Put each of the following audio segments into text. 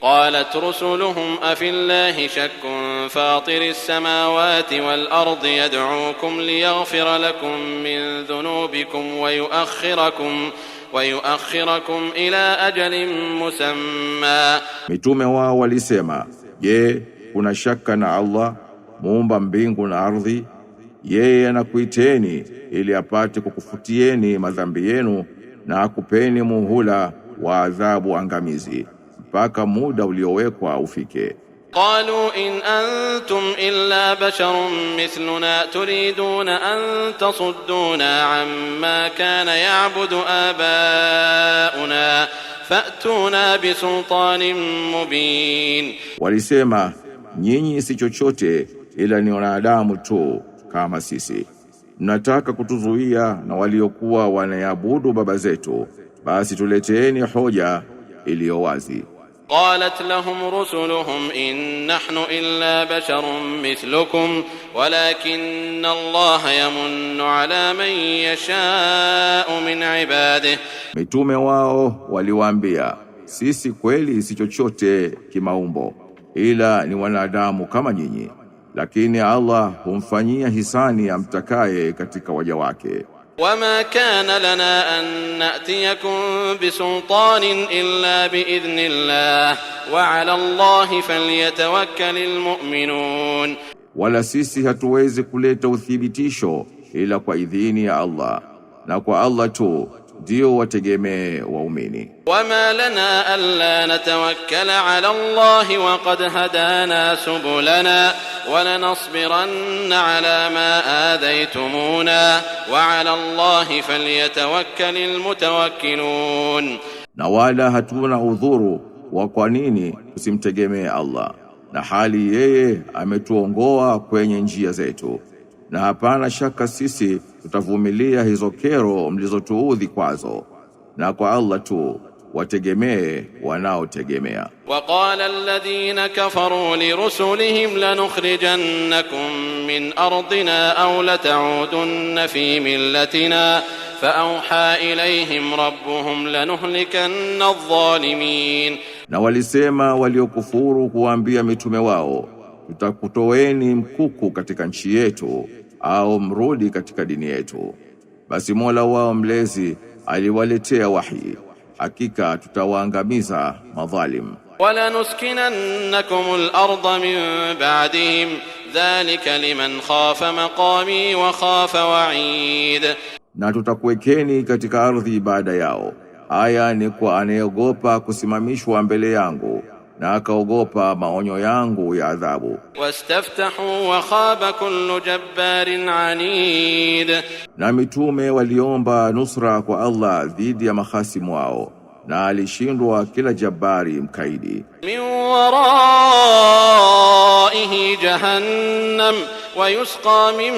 قالت رسلهم أفي الله شك فاطر السماوات والأرض يدعوكم ليغفر لكم من ذنوبكم ويؤخركم ويؤخركم ila أجل مسمى mitume wao walisema, je, kuna shaka na Allah muumba mbingu na ardhi? Yeye anakuiteni ili apate kukufutieni madhambi yenu na akupeni muhula wa adhabu angamizi mpaka muda uliowekwa ufike. Qalu in antum illa basharun mithluna turiduna an tasudduna amma kana ya'budu abauna fatuna bisultanin mubin, walisema nyinyi si chochote ila ni wanadamu tu kama sisi, mnataka kutuzuia na waliokuwa wanayabudu baba zetu, basi tuleteeni hoja iliyo wazi. قالت لهم رسلهم إن نحن إلا بشر مثلكم ولكن الله يمن على من يشاء من عباده mitume wao waliwaambia sisi kweli si chochote kimaumbo ila ni wanadamu kama nyinyi lakini Allah humfanyia hisani amtakaye katika waja wake وما كان لنا أن نأتيكم بسلطان إلا بإذن الله وعلى الله فليتوكل المؤمنون ولا سيسي هتوويزي كليتو ثيبتيشو إلا قوى إذيني الله نقوى الله تو ndio wategemee waumini. Wama lana alla natawakkala ala Allah wa qad hadana subulana wa lanasbiranna ala ma adaitumuna wa ala Allah falyatawakkalil mutawakkilun, na wala hatuna udhuru wa kwa nini tusimtegemee Allah na hali yeye ametuongoa kwenye njia zetu, na hapana shaka sisi tutavumilia hizo kero mlizotuudhi kwazo, na kwa Allah tu wategemee wanaotegemea. Waqala alladhina kafaru lirusulihim lanukhrijannakum min ardina aw lat'udunna fi millatina fa awha ilayhim rabbuhum lanuhlikanna adh-dhalimin, na walisema waliokufuru kuwaambia mitume wao, tutakutoweni mkuku katika nchi yetu au mrudi katika dini yetu. Basi Mola wao mlezi aliwaletea wahi, hakika tutawaangamiza madhalim. Wala al-ard min ba'dihim dhalika liman khafa maqami wa khafa wa'id, na tutakuwekeni katika ardhi baada yao. Haya ni kwa anayeogopa kusimamishwa mbele yangu na akaogopa maonyo yangu ya adhabu. Wastaftahu wa khaba kullu jabbarin anid, na mitume waliomba nusra kwa Allah dhidi ya mahasimu wao na alishindwa kila jabari mkaidi. Min waraihi jahannam wa yusqa min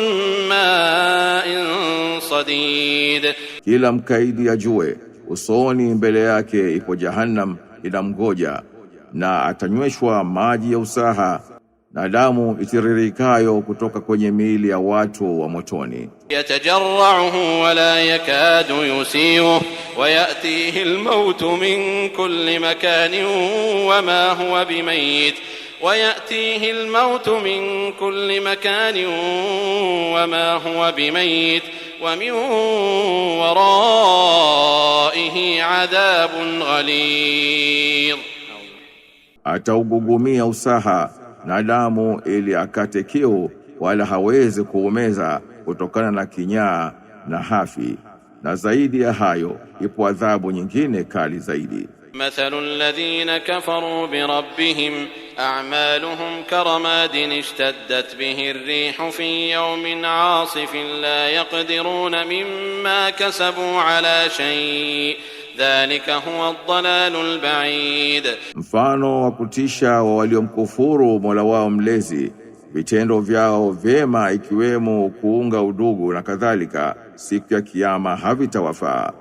ma'in sadid, kila mkaidi ajue usoni mbele yake ipo jahannam mgoja na atanyweshwa maji ya usaha na damu itiririkayo kutoka kwenye miili ya watu wa motoni. yatajarrahu wala yakadu yusihu wa yatihi almaut min kulli makani wa ma huwa bimayit wa yatihi almaut min kulli makani wa ma huwa bimayit wa min waraihi adhabun ghalidh ataugugumia usaha na damu ili akate kiu, wala hawezi kuumeza kutokana na kinyaa na hafi. Na zaidi ya hayo ipo adhabu nyingine kali zaidi. Mathalu alladhina kafaru bi rabbihim a'maluhum karamadin ishtaddat bihi ar rihu fi yawmin 'asifin la yaqdiruna mimma kasabu 'ala shay'in Dhalika huwa ad-dalal al-ba'id, mfano wa kutisha wa waliomkufuru Mola wao mlezi, vitendo vyao vyema ikiwemo kuunga udugu na kadhalika, siku ya Kiyama havitawafaa.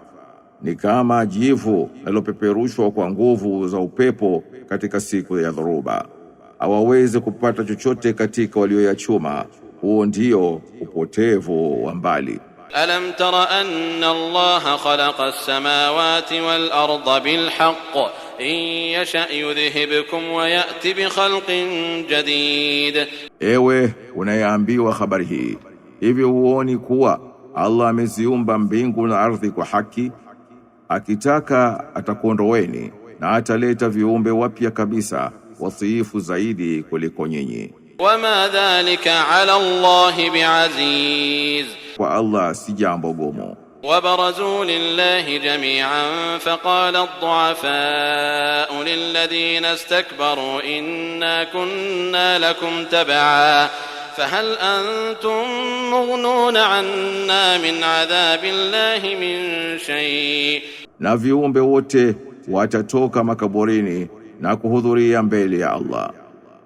Ni kama jivu lilopeperushwa kwa nguvu za upepo katika siku ya dhoruba, hawawezi kupata chochote katika walioyachuma. Huo ndio upotevu wa mbali. ألم تر أن الله خلق السماوات والأرض بالحق إن يشأ يذهبكم ويأتي بخلق جديد Ewe unayeambiwa khabari hii, hivyo uoni kuwa Allah ameziumba mbingu na ardhi kwa haki? Akitaka atakuondoweni na ataleta viumbe wapya kabisa wasiifu zaidi kuliko nyinyi. Wama dhalika ala Allahi biaziz kwa Allah si jambo gumu. وبرزوا لله جميعا فقال الضعفاء للذين استكبروا إنا كنا لكم تبعا فهل أنتم مغنون عنا من عذاب الله من شيء na viumbe wote watatoka makaburini na kuhudhuria mbele ya Allah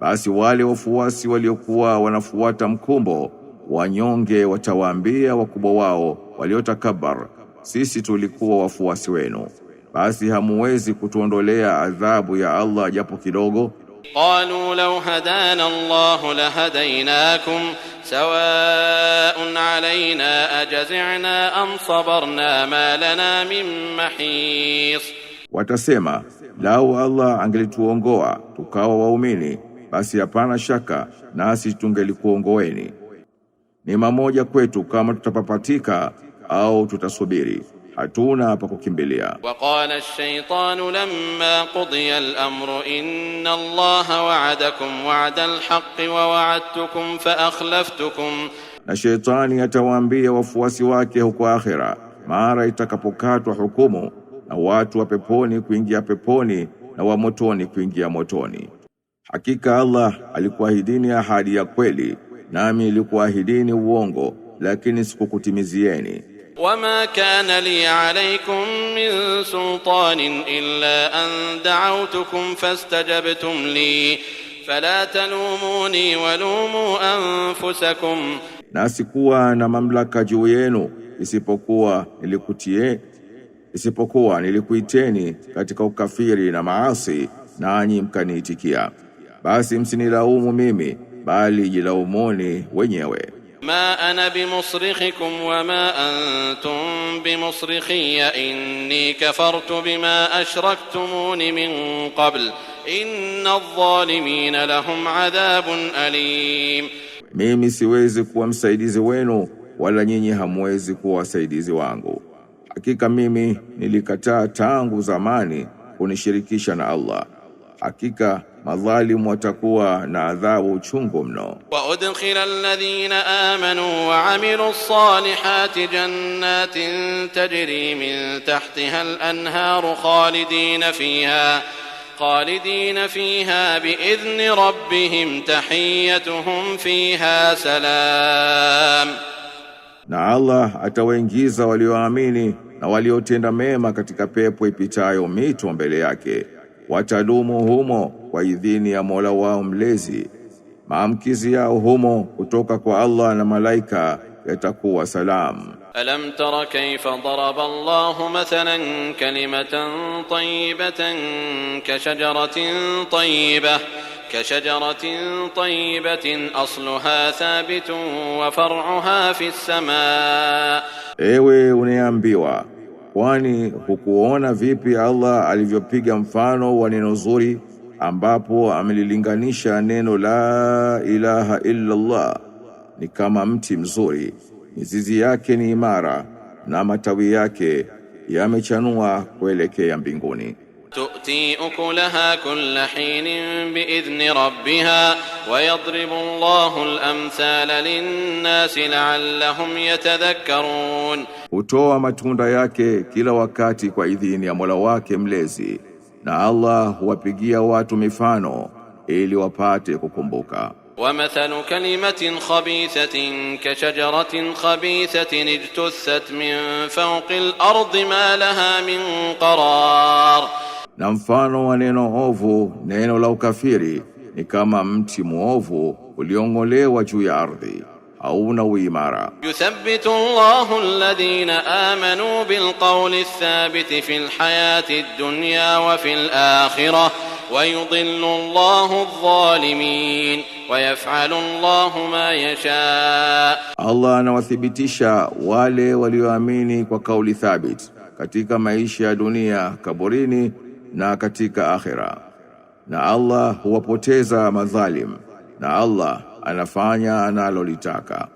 basi wale wafuasi waliokuwa wanafuata mkumbo wanyonge watawaambia wakubwa wao waliotakabar, sisi tulikuwa wafuasi wenu, basi hamuwezi kutuondolea adhabu ya Allah japo kidogo. Qalu law hadana Allahu lahadaynakum sawaun alayna ajazina am sabarna ma lana min mahis, watasema lau Allah angelituongoa tukawa waumini, basi hapana shaka nasi tungelikuongoeni Neema moja kwetu kama tutapapatika au tutasubiri hatuna pa kukimbilia. Waqala ash-shaytanu lamma qudiya al-amru inna Allaha wa'adakum wa'da al-haqqi wa wa'adtukum fa akhlaftukum, na shaytani atawaambia wafuasi wake huko akhira mara itakapokatwa hukumu na watu wa peponi kuingia peponi na wa motoni kuingia motoni, hakika Allah alikuahidini ahadi ya kweli nami nilikuahidini uongo lakini sikukutimizieni. Wama kana li alaykum min sultanin illa an da'awtukum fastajabtum li fala talumuni walumu anfusakum, na sikuwa na mamlaka juu yenu isipokuwa nilikutie isipokuwa nilikuiteni katika ukafiri na maasi, nanyi mkaniitikia, basi msinilaumu mimi bali jilaumuni wenyewe. Ma ana bimusrikhikum wa ma antum bimusrikhiya inni kafartu bima ashraktumuni min qabl inna adh-dhalimina lahum adhabun alim, mimi siwezi kuwa msaidizi wenu wala nyinyi hamwezi kuwa wasaidizi wangu. Hakika mimi nilikataa tangu zamani kunishirikisha na Allah hakika madhalimu watakuwa na adhabu chungu mno. wa udkhila alladhina amanu wa amilu ssalihati jannatin tajri min tahtiha al khalidina fiha khalidina fiha biidhni rabbihim tahiyyatuhum fiha salam, na Allah atawaingiza walioamini na waliotenda mema katika pepo ipitayo mito mbele yake watalumwa humo kwa idhini ya Mola wao mlezi. Maamkizi yao humo kutoka kwa Allah na malaika yatakuwa salam. Alam salamu. ألم تر كيف ضرب الله مثلا كلمة tayyiba كشجرة طيبة كشجرة طيبة أصلها ثابت وفرعها في samaa Ewe uneambiwa Kwani hukuona vipi Allah alivyopiga mfano wa neno zuri ambapo amelilinganisha neno la ilaha illa Allah ni kama mti mzuri, mizizi yake ni imara na matawi yake yamechanua kuelekea ya mbinguni. تؤتي أكلها كل حين بإذن ربها ويضرب الله الأمثال للناس لعلهم يتذكرون hutoa matunda yake kila wakati kwa idhini ya Mola wake mlezi na Allah huwapigia watu mifano ili wapate kukumbuka ومثل كلمة خبيثة كشجرة خبيثة اجتثت من فوق الأرض ما لها من قرار Na mfano wa neno ovu, neno la ukafiri, ni kama mti mwovu uliong'olewa juu ya ardhi, hauna uimara. Yuthabbitu Allahu alladhina amanu bilqawli thabiti fil hayati dunya wa fil akhirah wa yudhillu Allahu adh-dhalimin wa yaf'alu Allahu ma yasha. Allah anawathibitisha wale walioamini kwa kauli thabit katika maisha ya dunia, kaburini na katika akhira na Allah huwapoteza madhalim, na Allah anafanya analolitaka.